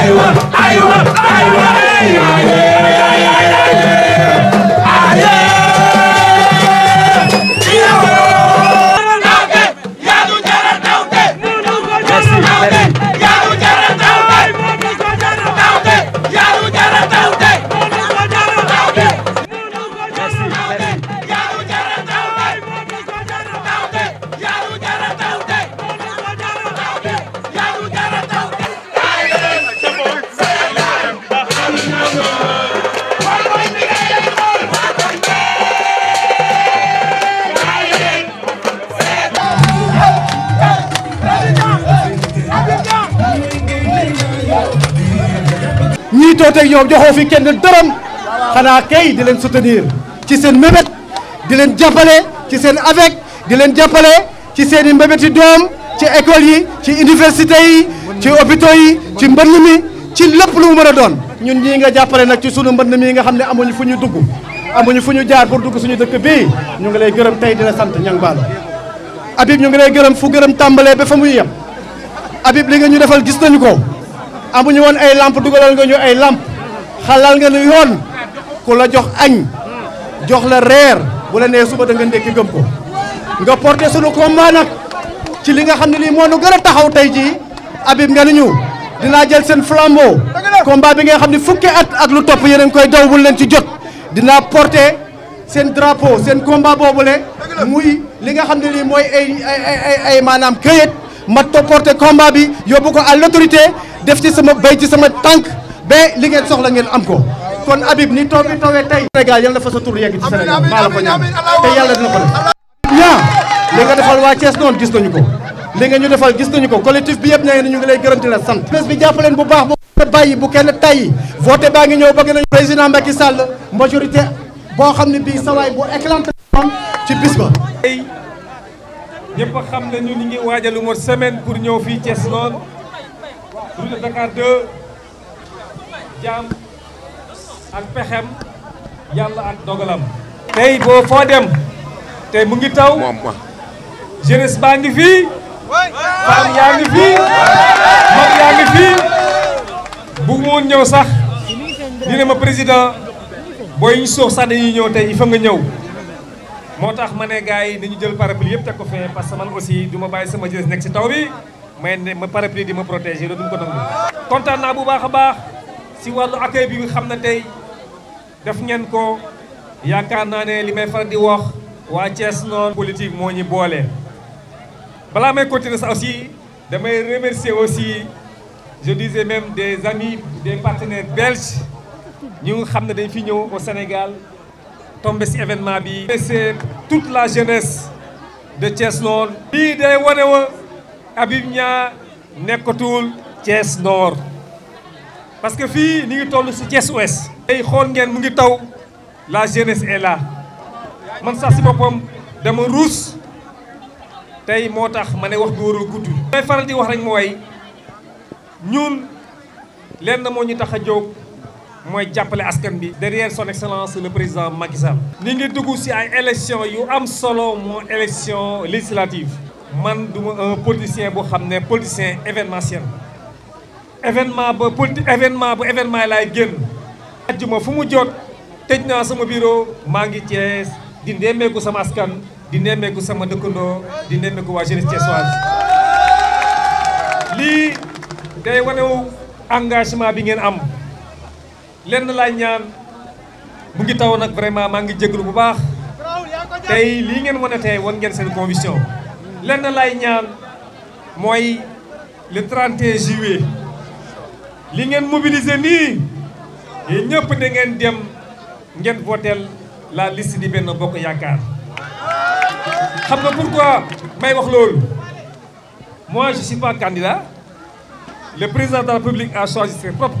Merci. Merci. tooteeg ñoom joxoo fi kenn dërëm xanaa kay di leen soutenir ci seen mébét di leen jàppale ci seen avec di leen jàppale ci seen i mbébéti doom ci école yi ci université yi ci hôpitaux yi ci mbënn mi ci lépp lu mu mën a doon ñun ñii nga jàppale nag ci sunu mbënn mii nga xam ne amuñu fu ñu dugg amuñu fu ñu jaar pour dugg suñu dëkk bii ñu ngi lay gërëm tey dina sant ñang baalo Habib ñu ngi gërëm fu gërëm tàmbalee ba fa muy yem Habib li nga ñu defal gis nañu ko amuñu woon ay lamp dugalal nga ñu ay lamp xalal nga nu yoon ku la jox añ jox la reer bu la nee suba da nga ndékki ko nga porté sunu combat nag ci li nga xam ne lii moo nu gën a taxaw tey jii Habib nga ni ñu dinaa jël seen flambeau combat bi nga xam ne fukki at ak lu topp yeneen a ngi koy daw bul leen ci jot dinaa porté seen drapeau seen combat boobule muy li nga xam ne lii mooy ay ay ay maanaam këyit ma porté combat bi yobuko à l'autorité def ci sama bay ci sama tank ba li ngeen soxla ngeen am ko kon Habib ni taw bi tay Sénégal yalla fa sa tour yegg ci Sénégal maa la ko ñaan te yalla dina ko def. yaa li nga defal wa Thiès non gis nañu ko li nga ñu defal gis nañu ko collectif bi yëpp nee ñu ngi lay gërëm di la sant. presse bi jàppaleen bu baax bu bayyi bu kenn tay voté ba ngi ñëw bëgg nañu président Macky Sall majorité bo xamni bi saway bu éclatant ci bisba ñepp xam na ñu ñi ngi waajal mo semaine pour ñëw fi ci Nord route Dakar 2 jam ak pexem yalla ak dogalam. tay bo fo dem tay mu ngi taw jeunesse ba ngi fi fam ya ngi fi mag ya ngi fi bu mu woon ñëw sax dina ma président boy ñu sox sa dañuy ñew tay il nga ñew moo tax ma ne gars yi dañu jël parapluie yëpp teg ko fee parce que man aussi du ma bàyyi sama jës nekk si taw bi may ne ma parapluie di ma protéger loolu duñ ko nangu. kontaan naa bu baax a baax si wàllu accueil bi xam na tey def ngeen ko yaakaar naa ne li may far di wax waa Thiès noonu politique moo ñu boole. balaa may continuer sa aussi damay remercier aussi je disais même des amis des partenaires belges ñu xam ne dañ fi ñëw au Sénégal. tombé ci événement bi c'est toute la jeunesse de Thiès Nord bii day wane wa Habib Niang nekkatul Thiès Nord parce que fii ni ngi toll ci Thiès Ouest tey xool ngeen mu ngi taw la jeunesse est là man sax ci boppam dama ruus tey moo tax ma ne wax góor warul gudd may faral di wax rek mooy ñun lenn moo ñu tax a jóg moy jappelé askan bi derrière son excellence le président Macky Sall. ni ngi dugg ci ay élection yu am solo mo élection législative man duma un politicien bo xamné politicien événementiel événement ba politi événement bu événement lay laay génn ajjuma fu mu jot tëj naa sama bureau maa ngi Thiès di nemmeeku sama askan di nemmeeku sama dëkkandoo di nemmeeku wa jeunesse tiesoise li day wane engagement bi ngeen am lenn laay ñaan bu ngi taw nag vraiment maa ngi jégalu bu baax tey lii ngeen wane tey wan ngeen seen conviction lenn laay ñaan mooy le 31 juillet lii ngeen mobiliser nii yéen ñëpp da ngeen dem ngeen votel la liste di benn bokk yaakaar xam nga pourquoi may wax loolu moi je suis pas candidat le président de la République a choisi ses propres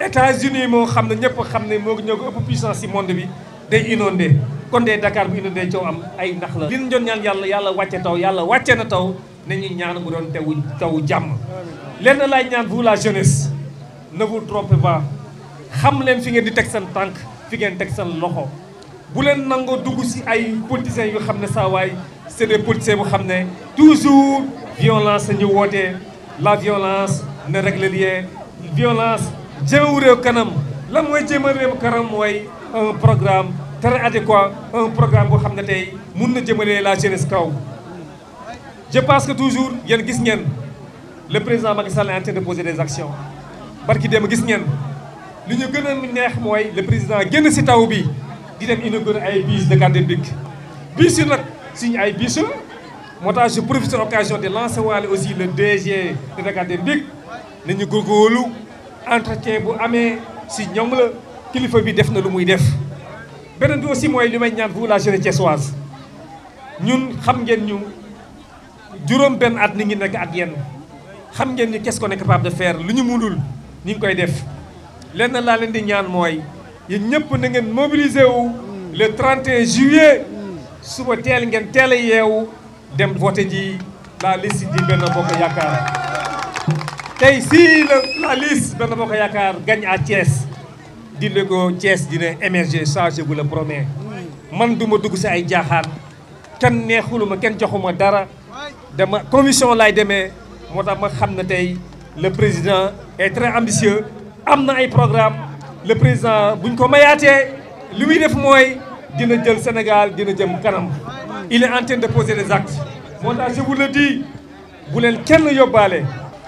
États-Unis moo xam ne ñëpp xam ne moo ñoo ko ëpp puissance ci monde bi day inondé kon dee Dakar bu inondé coow am ay nax la. li ñu doon ñaan yàlla yàlla wàcce taw yàlla wàcce na taw nañu ñaan mu doon tewu taw jàmm. lenn laay ñaan vous la jeunesse ne vous trompez pas xam leen fi ngeen di teg seen tànk fi ngeen teg seen loxo bu leen nangoo dugg ci ay politiciens yu xam ne saa waay c'est des politiciens bu xam ne toujours violence la ñu wootee la violence ne règle rien jëmewu réew kanam lan mooy jéem a réew kanam mooy un programme très adéquat un programme boo xam ne tey mun na jëmalee la jeunesse kaw je pense que toujours yéen gis ngeen le président Macky Sall est en train de poser des actions barki dem gis ngeen li ñu gën a neex mooy le président génn si taw bi di dem inaugurer ay bis de garde publique bus yi nag suñu ay bus la je profite de l'occasion de lancer waale aussi le DG de la garde publique nañu góorgóorlu entretien bu amé si ñoom la kilifa bi def na lu muy def benen bi aussi moy li may ñaan vous la jeunesse thiessoise ñun xam ngeen ñu juroom ben at ni ngi nek ak yenn xam ngeen ni qu'est-ce qu'on est capable de faire lu ñu mënul ni ngi koy def lenn la leen di ñaan moy yeen ñepp na ngeen mobiliser wu le 31 juillet suba tel ngeen teel a dem voter ji la liste di Benno Bokk yakkar tey si la liste Benno Bokk Yaakaar gagne à Thiès Dindego Thiès dina émerger ça je vous le promets man du ma dugg si ay jaaxaan kenn neexuluma kenn joxuma dara dama commission là demee moo tax ma xam ne le président est très ambitieux Amna na ay programme le président buñ ko mayaatee li muy def mooy dina jël Sénégal dina jëm kanam il est en train de poser des actes moo tax je vous le dis bu leen kenn yóbbaale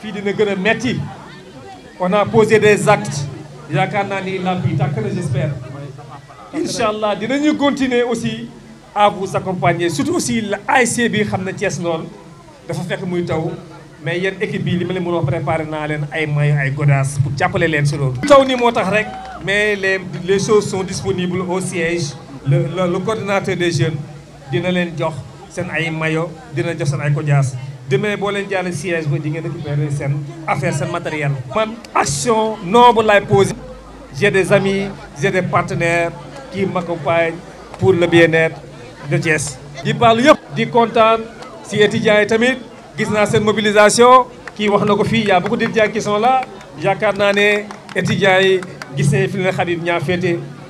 fii dina gën metti on a posé des actes yaakaar naa ni làmp na j'espère incha allah dinañu continuer aussi à vous accompagner surtout aussi la ASC bi xam na Thiès Nord dafa fekk muy taw mais yéen équipe bi li ma leen mën a préparé naa leen ay maillots ay godasses pour jàppale leen si loolu. taw ni moo rek mais les les choses sont disponibles au siège le le, le coordinateur des jeunes dina leen jox seen ay maillots dina jox seen ay godasses demain boo leen jaaree siège ba di ngeen récupérer sen affaire sen matériel. man action noble lay poser j'ai des amis j'ai des partenaires qui m'accompagnent pour le bien-être de Thiès. di parle yëpp di contane si étudiants tamit gis na sen mobilisation qui wax nako fi ya y a beaucoup d'étudiants qui sont là yakarna né ne étudiants yi gis nañu fi leen Habib ñaa